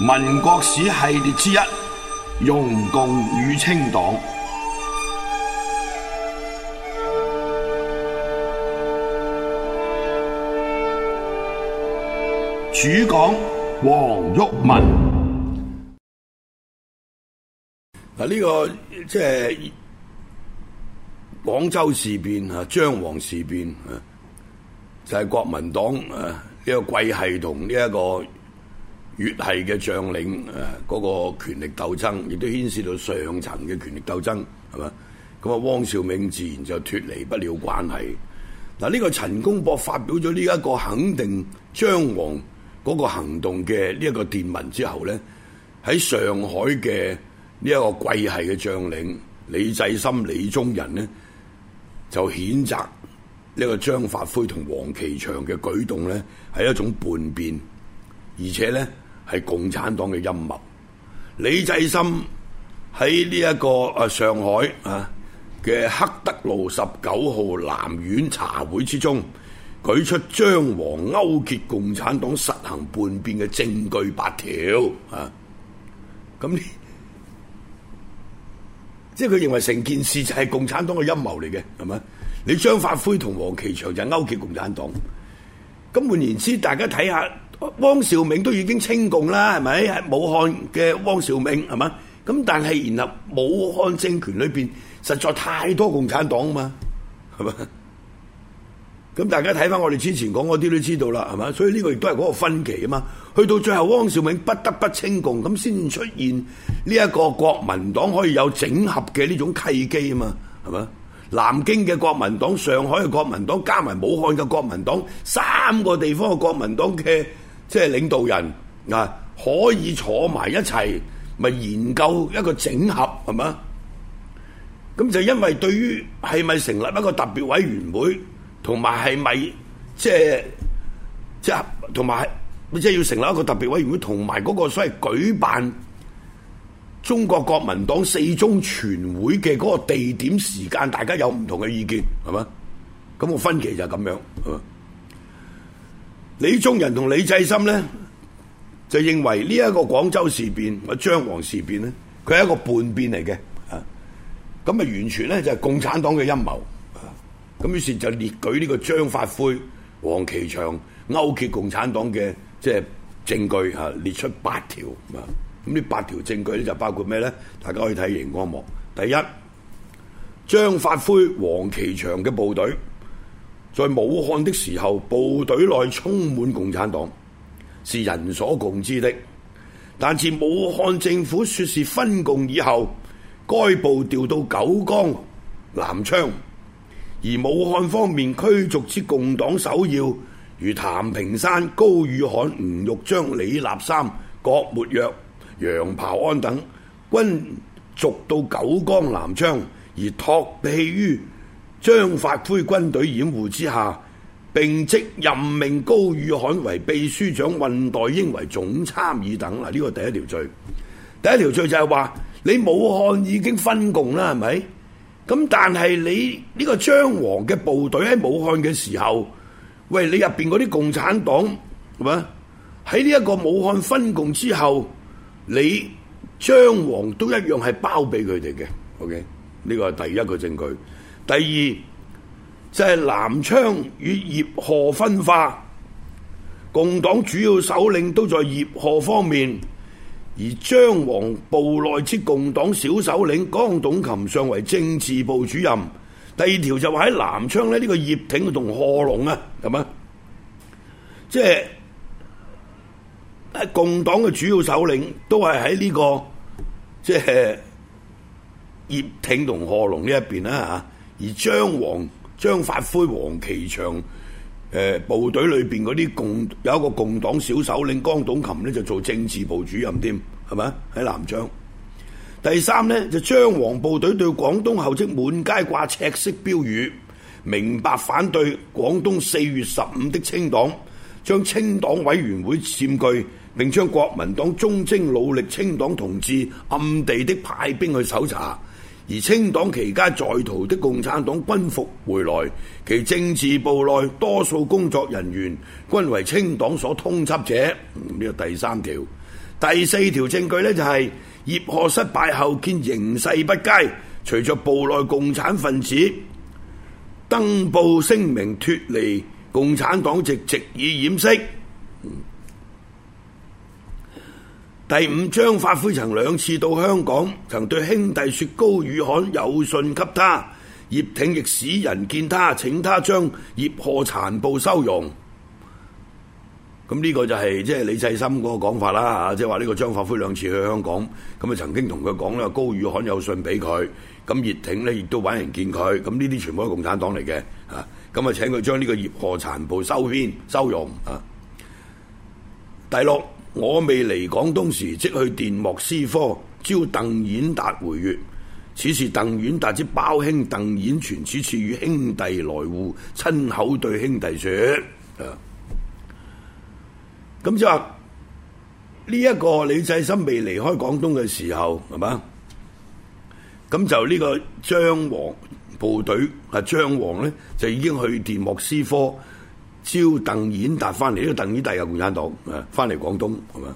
民國史系列之一，容共與清黨，主講黃毓民。嗱、啊，呢、這個即係廣州事變啊，張王事變啊，就係、是、國民黨啊呢、這個貴係同呢一個。粵系嘅將領誒嗰、那個權力鬥爭，亦都牽涉到上層嘅權力鬥爭，係嘛？咁啊，汪兆銘自然就脱離不了關係。嗱，呢個陳公博發表咗呢一個肯定張黃嗰個行動嘅呢一個電文之後咧，喺上海嘅呢一個桂系嘅將領李濟深、李宗仁呢，就譴責呢個張發奎同黃琪翔嘅舉動咧係一種叛變，而且咧。係共產黨嘅陰謀。李濟深喺呢一個誒、啊、上海啊嘅黑德路十九號南苑茶會之中，舉出張黃勾結共產黨實行叛變嘅證據八條啊！咁即係佢認為成件事就係共產黨嘅陰謀嚟嘅，係咪？你張發奎同黃琪翔就勾結共產黨。咁換言之，大家睇下。汪兆銘都已經清共啦，係咪喺武漢嘅汪兆銘係嘛？咁但係然後武漢政權裏邊實在太多共產黨啊嘛，係嘛？咁大家睇翻我哋之前講嗰啲都知道啦，係嘛？所以呢個亦都係嗰個分歧啊嘛。去到最後，汪兆銘不得不清共，咁先出現呢一個國民黨可以有整合嘅呢種契機啊嘛，係嘛？南京嘅國民黨、上海嘅國民黨、加埋武漢嘅國民黨，三個地方嘅國民黨嘅。即係領導人嗱，可以坐埋一齊，咪研究一個整合係嗎？咁就因為對於係咪成立一個特別委員會，同埋係咪即係即係同埋，即係要成立一個特別委員會，同埋嗰個所謂舉辦中國國民黨四中全會嘅嗰個地點時間，大家有唔同嘅意見係嗎？咁我分歧就係咁樣。李宗仁同李濟深咧，就認為呢一個廣州事變、阿張王事變咧，佢係一個叛變嚟嘅，啊，咁咪完全咧就係共產黨嘅陰謀，咁、啊、於是就列舉呢個張發奎、黃琪翔勾結共產黨嘅即係證據吓、啊，列出八條，咁呢八條證據咧就包括咩咧？大家可以睇熒光幕，第一，張發奎、黃琪翔嘅部隊。在武漢的時候，部隊內充滿共產黨，是人所共知的。但自武漢政府說是分共以後，該部調到九江、南昌，而武漢方面驅逐之共黨首要如譚平山、高語罕、吳玉章、李立三、郭沫若、楊匏安等，均逐到九江、南昌而託庇於張發奎軍隊掩護之下，並即任命高語罕為秘書長，惲代英為總參議等。嗱，呢個第一條罪。第一條罪就係話你武漢已經分共啦，係咪？咁但係你呢個張王嘅部隊喺武漢嘅時候，喂，你入邊嗰啲共產黨係咪？喺呢一個武漢分共之後，你張王都一樣係包庇佢哋嘅。OK，呢個係第一個證據。第二，就係、是、南昌與葉賀分化，共黨主要首領都在葉賀方面，而張王部內之共黨小首領江董琴上為政治部主任。第二條就話喺南昌咧，呢個葉挺同賀龍啊，係、就、嘛、是，即係共黨嘅主要首領都係喺呢個即係葉挺同賀龍呢一邊啦吓。而張黃張發奎、黃琪翔，呃、部隊裏邊嗰啲共有一個共黨小首領江董琴呢，就做政治部主任添，係咪喺南昌。第三呢，就張黃部隊對廣東後即滿街掛赤色標語，明白反對廣東四月十五的清黨，將清黨委員會佔據，並將國民黨忠貞努力清黨同志暗地的派兵去搜查。而清黨期間在逃的共產黨均復回來，其政治部內多數工作人員均為清黨所通緝者。呢個第三條，第四條證據呢，就係葉賀失敗後見形勢不佳，隨着部內共產分子登報聲明脫離共產黨籍，藉以掩飾。第五，張發奎曾兩次到香港，曾對兄弟説高語罕有信給他，葉挺亦使人見他，請他將葉賀殘部收容。咁呢個就係即係李濟深嗰個講法啦嚇，即係話呢個張發奎兩次去香港，咁啊曾經同佢講啦，高語罕有信俾佢，咁葉挺呢亦都揾人見佢，咁呢啲全部都共產黨嚟嘅嚇，咁啊請佢將呢個葉賀殘部收編收容啊。第六。我未嚟廣東時，即去電莫斯科招鄧演達回粵。此時鄧演達之胞兄鄧演全此，此次與兄弟來滬，親口對兄弟、啊、說：咁就話呢一個李濟深未離開廣東嘅時候，係嘛？咁就呢個張王部隊，係、啊、張王咧，就已經去電莫斯科。招鄧演達翻嚟，呢個鄧演達嘅共產黨啊，翻嚟廣東係嘛？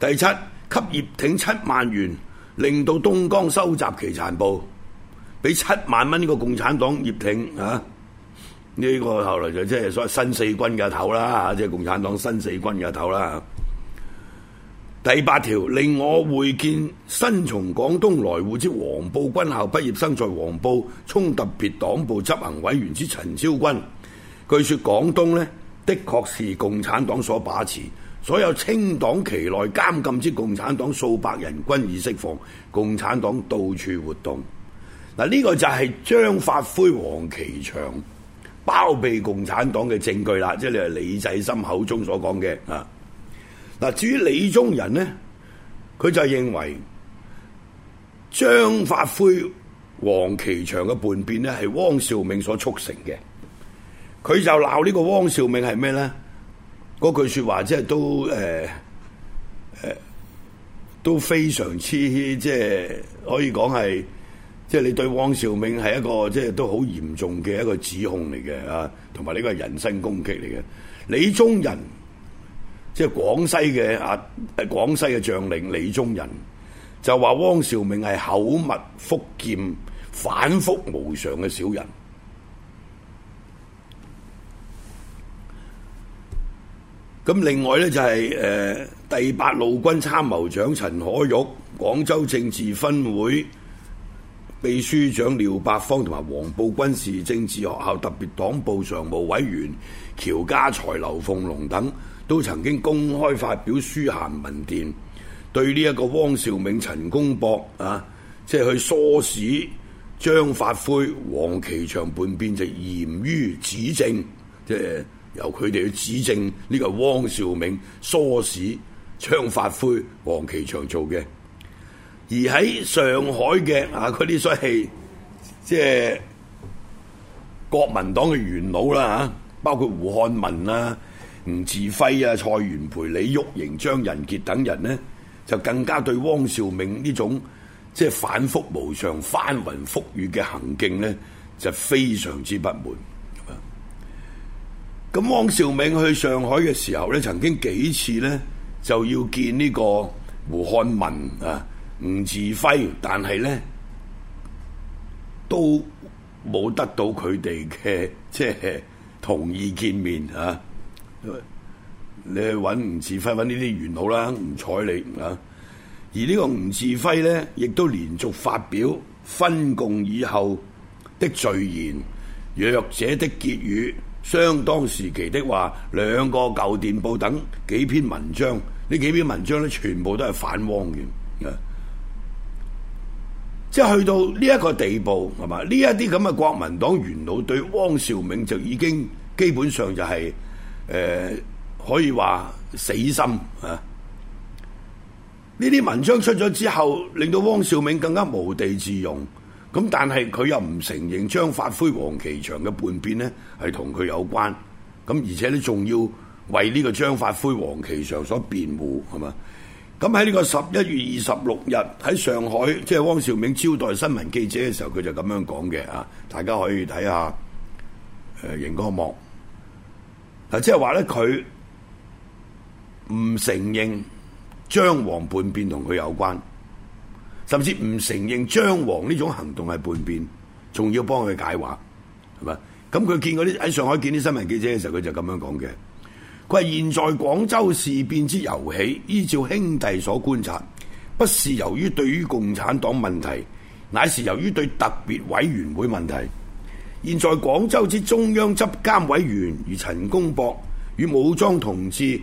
第七，給葉挺七萬元，令到東江收集其殘部，俾七萬蚊呢個共產黨葉挺啊，呢個後來就即係所謂新四軍嘅頭啦，即係共產黨新四軍嘅頭啦。第八條，令我會見新從廣東來滬之黃埔軍校畢業生，在黃埔充特別黨部執行委員之陳昭軍。據說廣東呢，的確是共產黨所把持，所有清黨期內監禁之共產黨數百人，均已釋放。共產黨到處活動，嗱、啊、呢、呢個就係張發奎、黃琪翔包庇共產黨嘅證據啦，即係李濟深口中所講嘅啊。嗱，至於李宗仁呢，佢就認為張發奎、黃琪翔嘅叛變呢，係汪兆銘所促成嘅。佢就鬧呢個汪兆銘係咩咧？嗰句説話即係都誒誒、呃呃、都非常之即係可以講係即係你對汪兆銘係一個即係、就是、都好嚴重嘅一個指控嚟嘅啊，同埋呢個人身攻擊嚟嘅。李宗仁即係廣西嘅啊，廣西嘅將領李宗仁就話汪兆銘係口蜜腹劍、反覆無常嘅小人。咁另外呢、就是，就係誒第八路軍參謀長陳可玉、廣州政治分會秘書長廖百方同埋黃埔軍事政治學校特別黨部常務委員喬家才、劉鳳龍等，都曾經公開發表書函文電，對呢一個汪兆銘、陳公博啊，即係去唆使張發奎、黃琪翔叛變，就嚴於指正，即係。由佢哋去指證呢個汪兆銘唆使張發奎、黃琪翔做嘅，而喺上海嘅啊，佢呢出戲即係國民黨嘅元老啦，吓、啊、包括胡漢民啊、吳稚暉啊、蔡元培、李煜瀛、張人傑等人呢，就更加對汪兆銘呢種即係、就是、反覆無常、翻雲覆雨嘅行徑呢，就非常之不滿。咁汪兆銘去上海嘅時候咧，曾經幾次咧就要見呢個胡漢民啊、吳志輝，但係咧都冇得到佢哋嘅即係同意見面啊！你去揾吳志輝揾呢啲元老啦，唔睬你啊！而呢個吳志輝咧，亦都連續發表分共以後的罪言、弱者的結語。相當時期的話，兩個舊電報等幾篇文章，呢幾篇文章咧，全部都係反汪嘅、啊，即係去到呢一個地步，係嘛？呢一啲咁嘅國民黨元老對汪兆銘就已經基本上就係、是，誒、呃，可以話死心啊！呢啲文章出咗之後，令到汪兆銘更加無地自容。咁但係佢又唔承認張發奎黃琪翔嘅叛變呢係同佢有關。咁而且咧仲要為呢個張發奎黃琪翔所辯護，係嘛？咁喺呢個十一月二十六日喺上海，即係汪兆銘招待新聞記者嘅時候，佢就咁樣講嘅啊，大家可以睇下誒熒、呃、光幕。嗱，即係話咧佢唔承認張黃叛變同佢有關。甚至唔承認張王呢種行動係叛變，仲要幫佢解話，係嘛？咁佢見嗰啲喺上海見啲新聞記者嘅時候，佢就咁樣講嘅。佢話現在廣州事變之由起，依照兄弟所觀察，不是由於對於共產黨問題，乃是由於對特別委員會問題。現在廣州之中央執監委員如陳公博與武裝同志。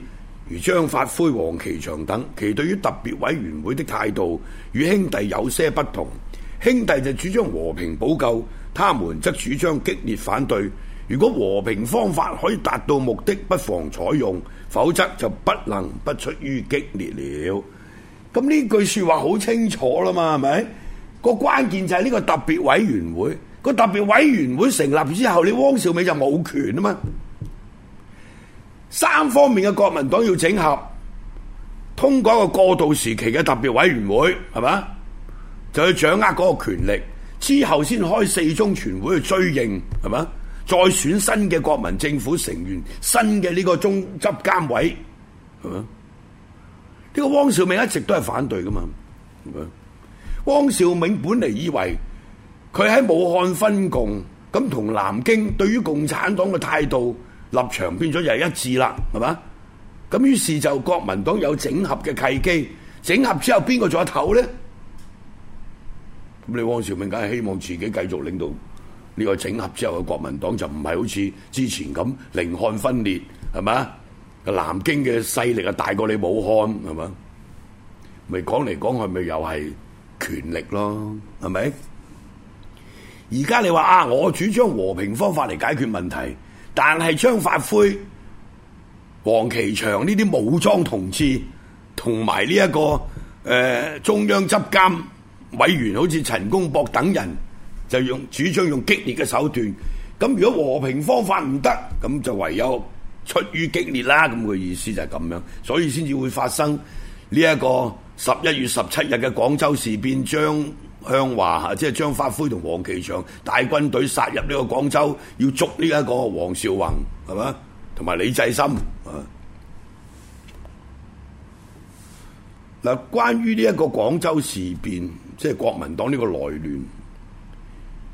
如張發奎黃琪翔等，其對於特別委員會的態度與兄弟有些不同。兄弟就主張和平補救，他們則主張激烈反對。如果和平方法可以達到目的，不妨採用；否則就不能不出於激烈了。咁呢句説話好清楚啦嘛，係咪？個關鍵就係呢個特別委員會。個特別委員會成立之後，你汪兆銘就冇權啊嘛。三方面嘅國民黨要整合，通過一個過渡時期嘅特別委員會，係嘛，就去掌握嗰個權力，之後先開四中全會去追認，係嘛，再選新嘅國民政府成員，新嘅呢個中執監委，係嘛？呢、這個汪兆銘一直都係反對噶嘛？汪兆銘本嚟以為佢喺武漢分共，咁同南京對於共產黨嘅態度。立場變咗又係一致啦，係嘛？咁於是就國民黨有整合嘅契機，整合之後邊個做一頭咧？咁你汪兆銘梗係希望自己繼續領導呢個整合之後嘅國民黨，就唔係好似之前咁寧漢分裂，係嘛？南京嘅勢力啊大過你武漢，係嘛？咪講嚟講去咪又係權力咯，係咪？而家你話啊，我主張和平方法嚟解決問題。但係張發奎、黃琪翔呢啲武裝同志，同埋呢一個誒、呃、中央執監委員，好似陳公博等人，就用主張用激烈嘅手段。咁如果和平方法唔得，咁就唯有出於激烈啦。咁、那、嘅、個、意思就係咁樣，所以先至會發生呢一個十一月十七日嘅廣州事變將。向華嚇，即係張發奎同黃琪翔帶軍隊殺入呢個廣州，要捉呢一個黃紹竑係嘛，同埋李濟深啊。嗱，關於呢一個廣州事變，即係國民黨呢個內亂，誒、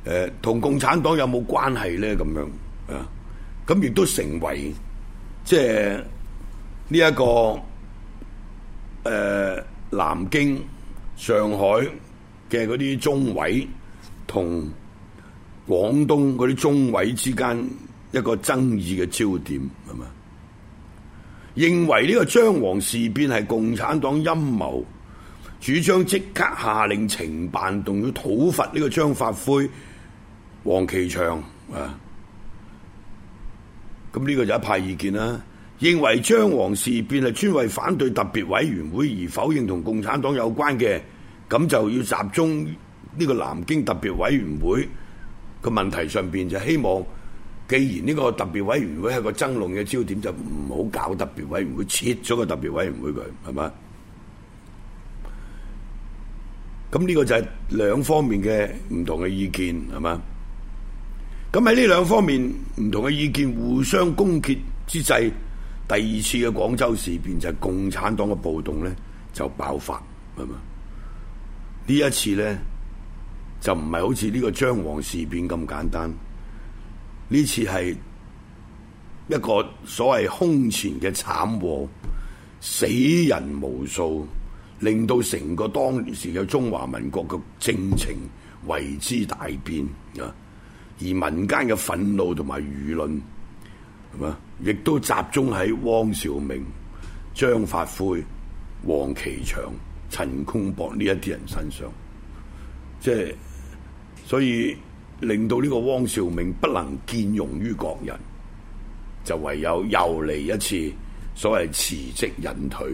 呃、同共產黨有冇關係咧？咁樣啊，咁亦都成為即係呢一個誒、呃、南京、上海。嘅嗰啲中委同廣東嗰啲中委之間一個爭議嘅焦點係嘛？認為呢個張黃事變係共產黨陰謀，主張即刻下令懲辦，仲要討伐呢個張發奎、黃琪翔啊！咁呢個就一派意見啦。認為張黃事變係專為反對特別委員會而否認同共產黨有關嘅。咁就要集中呢個南京特別委員會個問題上邊，就希望既然呢個特別委員會係個爭論嘅焦點，就唔好搞特別委員會，撤咗個特別委員會佢，係嘛？咁呢個就係兩方面嘅唔同嘅意見，係嘛？咁喺呢兩方面唔同嘅意見互相攻擊之際，第二次嘅廣州事變就係共產黨嘅暴動呢，就爆發，係嘛？呢一次呢，就唔係好似呢個張黃事變咁簡單，呢次係一個所謂空前嘅慘禍，死人無數，令到成個當年時嘅中華民國嘅政情為之大變啊！而民間嘅憤怒同埋輿論，係嘛，亦都集中喺汪兆銘、張發奎、黃琪翔。陳公博呢一啲人身上，即係所以令到呢個汪兆銘不能見容於國人，就唯有又嚟一次所謂辭職引退。